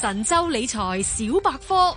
神州理財小百科。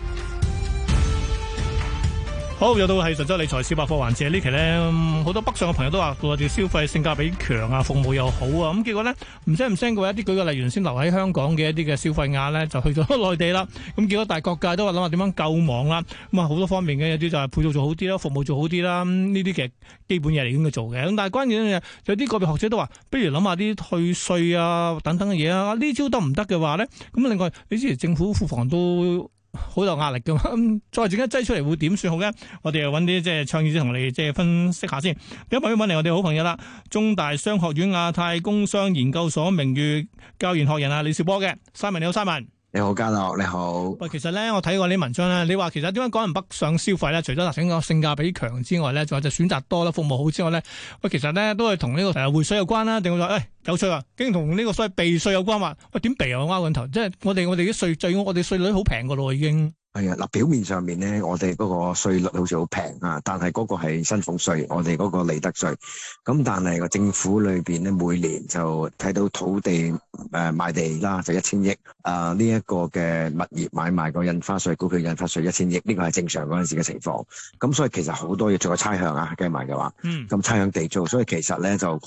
好，又到係神州理財小百科環節。期呢期咧，好、嗯、多北上嘅朋友都話，我哋消費性價比強啊，服務又好啊。咁結果咧，唔聲唔聲，佢一啲舉個例原先留喺香港嘅一啲嘅消費額咧，就去咗內地啦。咁結果，大各界都話諗下點樣救網啦。咁啊，好多方面嘅有啲就係配套做好啲啦，服務做好啲啦。呢啲嘅基本嘢嚟應該做嘅。咁但係關鍵嘅有啲個別學者都話，不如諗下啲退稅啊等等嘅嘢啊。行行呢招得唔得嘅話咧？咁另外，你之前政府庫房都，好有壓力㗎嘛，再自己擠出嚟會點算好咧？我哋又揾啲即係創意者同你即係分析下先。今日要揾嚟我哋好朋友啦，中大商學院亞太工商研究所名譽教研學人啊李少波嘅，三文你好，三文。你好，家樂你好。喂，其實咧，我睇過呢文章啦，你話其實點解港人北上消費咧？除咗提升個性價比強之外咧，仲有就係就選擇多啦，服務好之外咧，喂，其實咧都係同呢個誒匯水有關啦、啊，定話誒有趣啊，竟然同呢個所謂避稅有關話、啊、喂，點、哎、避啊？我拗個頭，即係我哋我哋啲稅，最我哋稅率好平噶咯，已經。係啊，嗱表面上面咧，我哋嗰個稅率好似好平啊，但係嗰個係薪俸稅，我哋嗰個利得稅，咁但係個政府裏邊咧，每年就睇到土地誒、呃、賣地啦，就一千億，啊呢一個嘅物業買賣個印花稅，股票印花稅一千億，呢、這個係正常嗰陣時嘅情況，咁所以其實好多嘢，做個差向啊，計埋嘅話，咁、嗯、差向地租，所以其實咧就好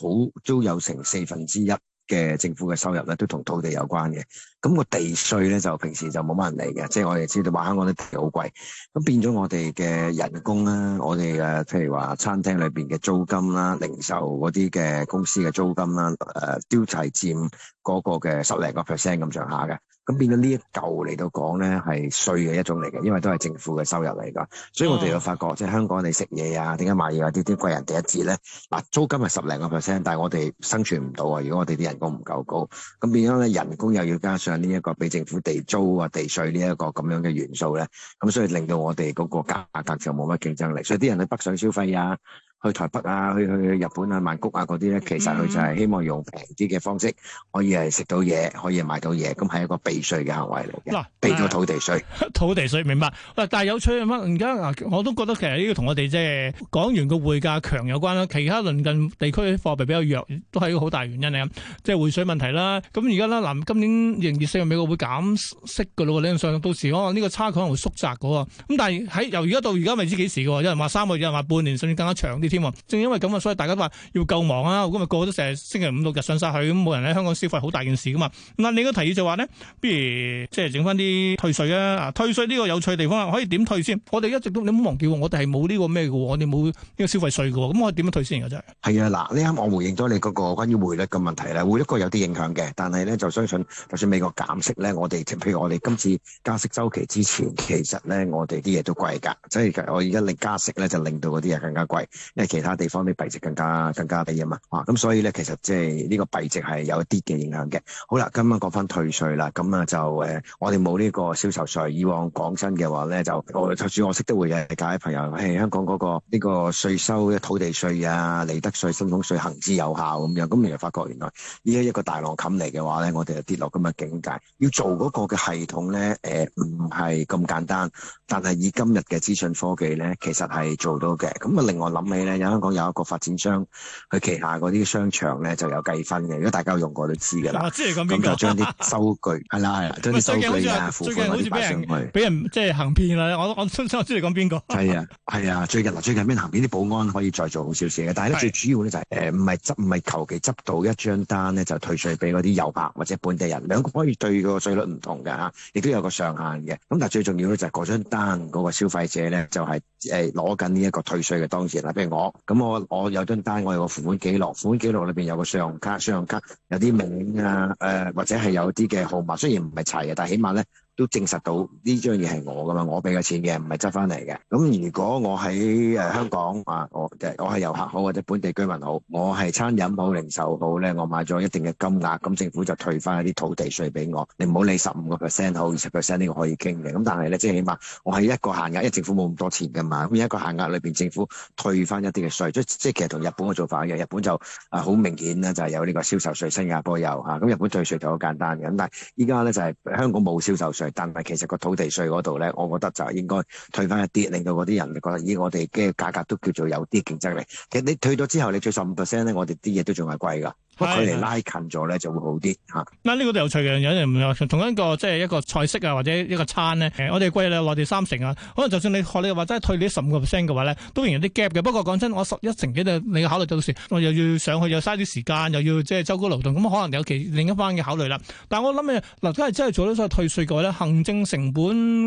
都有成四分之一。嘅政府嘅收入咧，都同土地有關嘅。咁、那個地稅咧，就平時就冇乜人嚟嘅。即係我哋知道，話香港啲地好貴。咁變咗我哋嘅人工啦，我哋嘅譬如話餐廳裏邊嘅租金啦，零售嗰啲嘅公司嘅租金啦，誒、呃，都係佔個個嘅十零個 percent 咁上下嘅。咁變咗呢一嚿嚟到講咧，係稅嘅一種嚟嘅，因為都係政府嘅收入嚟㗎。所以我哋又發覺，嗯、即係香港你食嘢啊，點解買嘢啊啲啲貴人地一截咧？嗱，租金係十零個 percent，但係我哋生存唔到啊！如果我哋啲人工唔夠高，咁變咗咧，人工又要加上呢、這、一個俾政府地租啊、地稅呢一個咁樣嘅元素咧，咁所以令到我哋嗰個價格就冇乜競爭力，所以啲人喺北上消費啊。去台北啊，去去日本啊，曼谷啊嗰啲咧，其實佢就係希望用平啲嘅方式，嗯、可以係食到嘢，可以買到嘢，咁係一個避稅嘅行為嚟嘅。嗱，避咗土地稅，啊啊、土地稅明白。但係有趣係乜？而家我都覺得其實呢個同我哋即係港元個匯價強有關啦。其他鄰近地區貨幣比較弱，都係一個好大原因嚟，即係匯水問題啦。咁而家啦，嗱，今年營業性美國會減息㗎咯喎，理論上到時可能呢個差距可能會縮窄㗎喎。咁但係喺由而家到而家未知幾時㗎喎，有人話三個月，有人話半年，甚至更加長啲。正因為咁啊，所以大家都話要夠忙啊！咁啊，個個都成日星期五六日上晒去，咁冇人喺香港消費，好大件事噶嘛！嗱、就是，你個提議就話咧，不如即係整翻啲退稅啊！退稅呢個有趣嘅地方可以點退先？我哋一直都你唔好忘記喎，我哋係冇呢個咩嘅，我哋冇呢個消費稅嘅，咁我點樣退先啊？真係係啊！嗱，你啱，我回應咗你嗰個關於匯率嘅問題啦，會一個有啲影響嘅，但係咧就相信就算美國減息咧，我哋譬如我哋今次加息週期之前，其實咧我哋啲嘢都貴㗎，即係我而家令加息咧就令到嗰啲嘢更加貴。喺其他地方啲幣值更加更加低啊嘛，咁、啊、所以咧，其實即係呢個幣值係有一啲嘅影響嘅。好啦，今晚講翻退稅啦，咁啊就、呃、我哋冇呢個銷售稅。以往講真嘅話咧，就我就算我識得會有教朋友，係、哎、香港嗰個呢個稅收嘅土地稅啊、利得稅、薪俸稅行之有效咁樣，咁你就發覺原來依家一個大浪冚嚟嘅話咧，我哋就跌落咁嘅境界。要做嗰個嘅系統咧，唔係咁簡單，但係以今日嘅資訊科技咧，其實係做到嘅。咁啊，另外諗起咧。香港有一個發展商，佢旗下嗰啲商場咧就有計分嘅。如果大家用過都知㗎啦。咁、啊、就將啲收據，係啦係啦，將啲收據啊付款啲擺上去，俾人即係行騙啦。我我我，我想知你講邊個？係啊係啊，最近嗱最近邊行騙啲保安可以再做好少少嘅，但係咧最主要咧就係誒唔係執唔係求其執到一張單咧就退稅俾嗰啲遊客或者本地人，兩個可以對個稅率唔同㗎嚇，亦都有個上限嘅。咁但係最重要咧就係嗰張單嗰個消費者咧就係誒攞緊呢一個退稅嘅當時啦，我咁我我有張單，我有個付款記錄，付款記錄裏邊有個信用卡，信用卡有啲名啊，誒、呃、或者係有啲嘅號碼，雖然唔係齊嘅，但起碼咧。都證實到呢張嘢係我㗎嘛，我俾嘅錢嘅，唔係執翻嚟嘅。咁如果我喺誒香港啊，我即係我係遊客好，或者本地居民好，我係餐飲好、零售好咧，我買咗一定嘅金額，咁政府就退翻一啲土地稅俾我。你唔好理十五個 percent 好，二十 percent 呢個可以傾嘅。咁但係咧，即係起碼我係一個限額，因為政府冇咁多錢㗎嘛。咁一個限額裏邊，政府退翻一啲嘅稅。即即係其實同日本嘅做法一樣，日本就啊好明顯啦，就係有呢個銷售稅。新加坡有嚇，咁日本退稅就好簡單嘅。咁但係依家咧就係香港冇銷售稅。但係其實個土地稅嗰度咧，我覺得就應該退翻一啲，令到嗰啲人覺得，咦，我哋嘅價格都叫做有啲競爭力。其實你退咗之後，你最十五 percent 咧，我哋啲嘢都仲係貴㗎。係，拉近咗咧就會好啲吓。嗱、哎，呢、啊呢個都有趣嘅，有唔同。同一個即係一個菜式啊，或者一個餐咧、呃，我哋貴呢，我哋三成啊。可能就算你學你話齋退你十五個 percent 嘅話咧，當然有啲 gap 嘅。不過講真，我十一成幾你你考慮到時，我又要上去又嘥啲時間，又要即係周高勞動，咁可能有其另一番嘅考慮啦。但係我諗你嗱，都係真係做咗所謂退稅嘅話咧，行政成本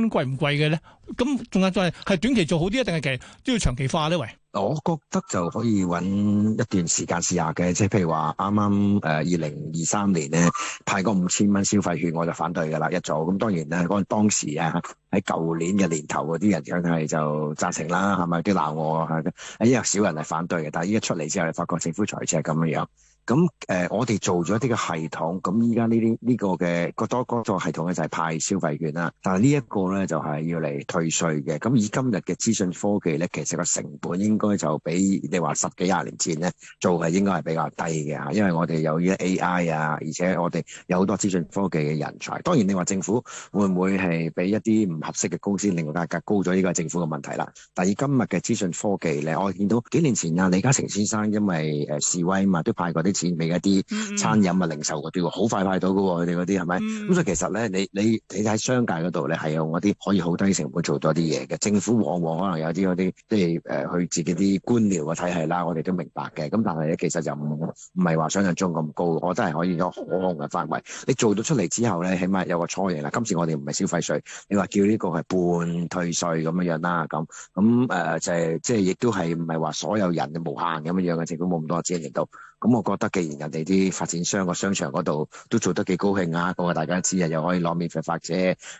貴唔貴嘅咧？咁仲有就係短期做好啲一定係其實都要長期化呢喂？我覺得就可以揾一段時間試下嘅，即係譬如話啱啱誒二零二三年咧派個五千蚊消費券，我就反對㗎啦一早，咁當然啦，我當時啊喺舊年嘅年頭嗰啲人梗係就贊成啦，係咪啲鬧我係嘅？因為少人係反對嘅，但係依家出嚟之後，你發覺政府財政係咁樣樣。咁誒、呃，我哋做咗一啲嘅系統，咁依家呢啲呢個嘅、個多、個系統咧就係派消費券啦。但係呢一個咧就係、是、要嚟退稅嘅。咁以今日嘅資訊科技咧，其實個成本應該就比你話十幾廿年前咧做係應該係比較低嘅吓。因為我哋有呢啲 AI 啊，而且我哋有好多資訊科技嘅人才。當然你話政府會唔會係俾一啲唔合適嘅公司令個價格高咗？呢個係政府嘅問題啦。但以今日嘅資訊科技咧，我見到幾年前啊李嘉誠先生因為示威嘛，都派過啲。錢俾一啲餐飲啊、零售嗰啲喎，好、嗯、快快到噶喎。佢哋嗰啲係咪咁？嗯、所以其實咧，你你你喺商界嗰度咧係用嗰啲可以好低成本做多啲嘢嘅。政府往往可能有啲嗰啲即係誒，佢、呃、自己啲官僚嘅體系啦，我哋都明白嘅。咁但係咧，其實就唔唔係話想像中咁高，我覺得係可以有可控嘅範圍。你做到出嚟之後咧，起碼有個初嘅啦。今次我哋唔係消費稅，你話叫呢個係半退稅咁樣樣啦。咁咁誒就係即係亦都係唔係話所有人嘅無限咁樣樣嘅政府冇咁多資源到。咁我覺得，既然人哋啲發展商個商場嗰度都做得幾高興啊，咁啊大家知啊，又可以攞免費發車，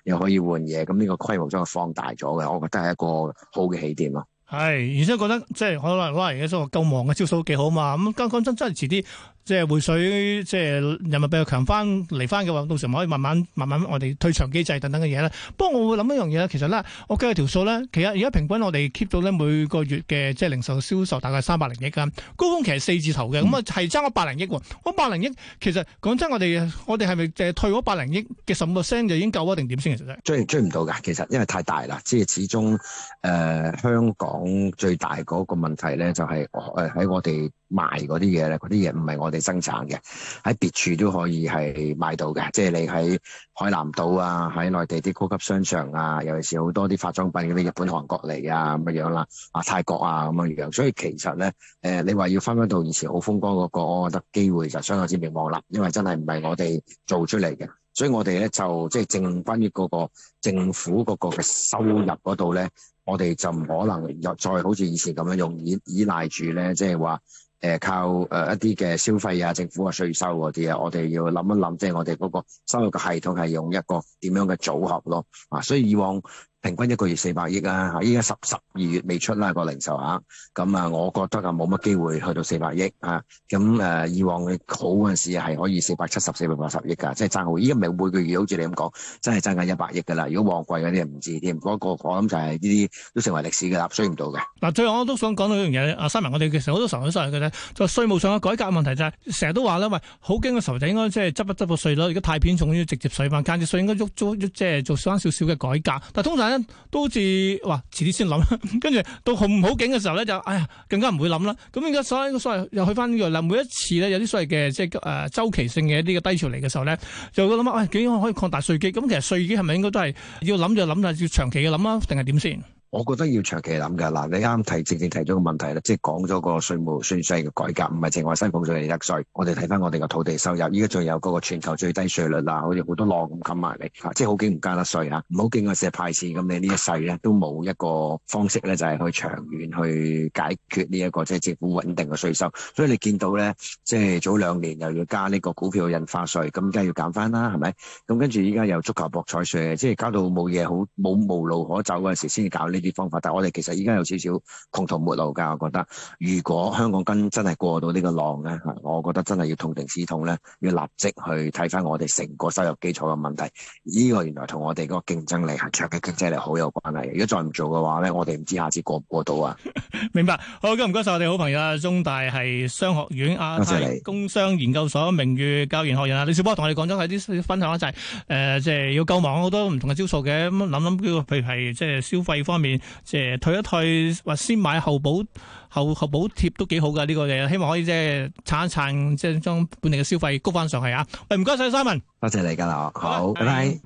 又可以換嘢，咁呢個規模將佢放大咗嘅，我覺得係一個好嘅起點咯、啊。係，而且覺得即係可能攞人嘅數救忙嘅招數幾好嘛。咁講講真，真係遲啲即係匯水，即係人民幣強翻嚟翻嘅話，到時我可以慢慢慢慢我哋退場機制等等嘅嘢咧。不過我會諗一樣嘢咧，其實咧，我計下條數咧，其實而家平均我哋 keep 到咧每個月嘅即係零售銷售大概三百零億嘅，高峰期係四字頭嘅，咁啊係爭咗百零億喎。我百零億其實講真，我哋我哋係咪淨係退嗰百零億嘅十五個 percent 就已經夠一定點先其實？追追唔到㗎，其實因為太大啦，即係始終誒、呃、香港。講最大嗰個問題咧，就係誒喺我哋賣嗰啲嘢咧，嗰啲嘢唔係我哋生產嘅，喺別處都可以係賣到嘅。即係你喺海南島啊，喺內地啲高級商場啊，尤其是好多啲化妝品嗰啲日本、韓國嚟啊咁嘅樣啦，啊泰國啊咁嘅樣。所以其實咧，誒你話要翻返到以前好風光嗰、嗰個，我覺得機會就相當之渺茫啦，因為真係唔係我哋做出嚟嘅。所以我哋咧就即係、就是、正關於嗰個政府嗰個嘅收入嗰度咧。我哋就唔可能又再好似以前咁樣用依依賴住咧，即係話誒靠誒一啲嘅消費啊、政府嘅稅收嗰啲啊，我哋要諗一諗，即係我哋嗰個生活嘅系統係用一個點樣嘅組合咯啊！所以以往。平均一個月四百億啊！依家十十二月未出啦個零售額啊，咁啊，我覺得啊冇乜機會去到四百億啊！咁、啊、誒、啊，以往嘅好嗰陣時係可以四百七十四百八十億㗎，即係爭好。依家咪每個月好似你咁講，真係爭緊一百億㗎啦。如果旺季嗰啲唔知添。嗰個我諗就係呢啲都成為歷史㗎啦，追唔到嘅。嗱，最後我都想講到一樣嘢啊，Simon 我哋其實好多時候都收嚟嘅咧，就稅、是、務上嘅改革的問題就係成日都話咧，喂，好驚嘅時候就應該即係執一執個稅咯，如果太偏重要直接稅，但間接稅應該喐做即係做翻少少嘅改革。但通常呢都好似哇遲啲先諗，跟住到好唔好景嘅時候咧，就哎呀更加唔會諗啦。咁而家所謂所以又去翻呢個啦。每一次咧有啲所謂嘅即係誒、呃、周期性嘅呢個低潮嚟嘅時候咧，就諗諗：哎「喂點可以擴大稅基。咁其實稅基係咪應該都係要諗就諗下要長期嘅諗啊，定係點先？我覺得要長期諗噶，嗱，你啱啱提正正提咗個問題啦，即係講咗個稅務稅制嘅改革，唔係淨係話薪俸稅、利得稅，我哋睇翻我哋個土地收入，依家仲有嗰個全球最低稅率啦，好似好多浪咁冚埋嚟，即係好幾唔加得稅吓，唔好驚我成日派錢，咁你呢一世咧都冇一個方式咧就係去長遠去解決呢、這、一個即係政府穩定嘅稅收，所以你見到咧，即係早兩年又要加呢個股票印花稅，咁梗係要減翻啦，係咪？咁跟住依家又足球博彩稅，即係加到冇嘢，好冇無路可走嗰陣時先至搞呢。呢啲方法，但係我哋其實依家有少少窮途末路㗎。我覺得，如果香港真真係過到呢個浪咧，我覺得真係要痛定思痛咧，要立即去睇翻我哋成個收入基礎嘅問題。呢個原來同我哋嗰個競爭力係長嘅競爭力好有關係。如果再唔做嘅話咧，我哋唔知下次過唔過到啊。明白。好，咁唔該晒我哋好朋友啊，中大係商學院啊，係工商研究所名譽教研學人啊，李小波同我哋講咗係啲分享一陣，誒、即係，即、呃、係、即係、要救亡好多唔同嘅招數嘅，咁諗諗叫譬如係即係消費方面。即係退一退或先買後補後後補貼都幾好噶呢個嘢，希望可以即係撐一撐，即係將本地嘅消費谷返上去啊！喂，唔該晒，Simon，多謝你噶啦，好，拜拜。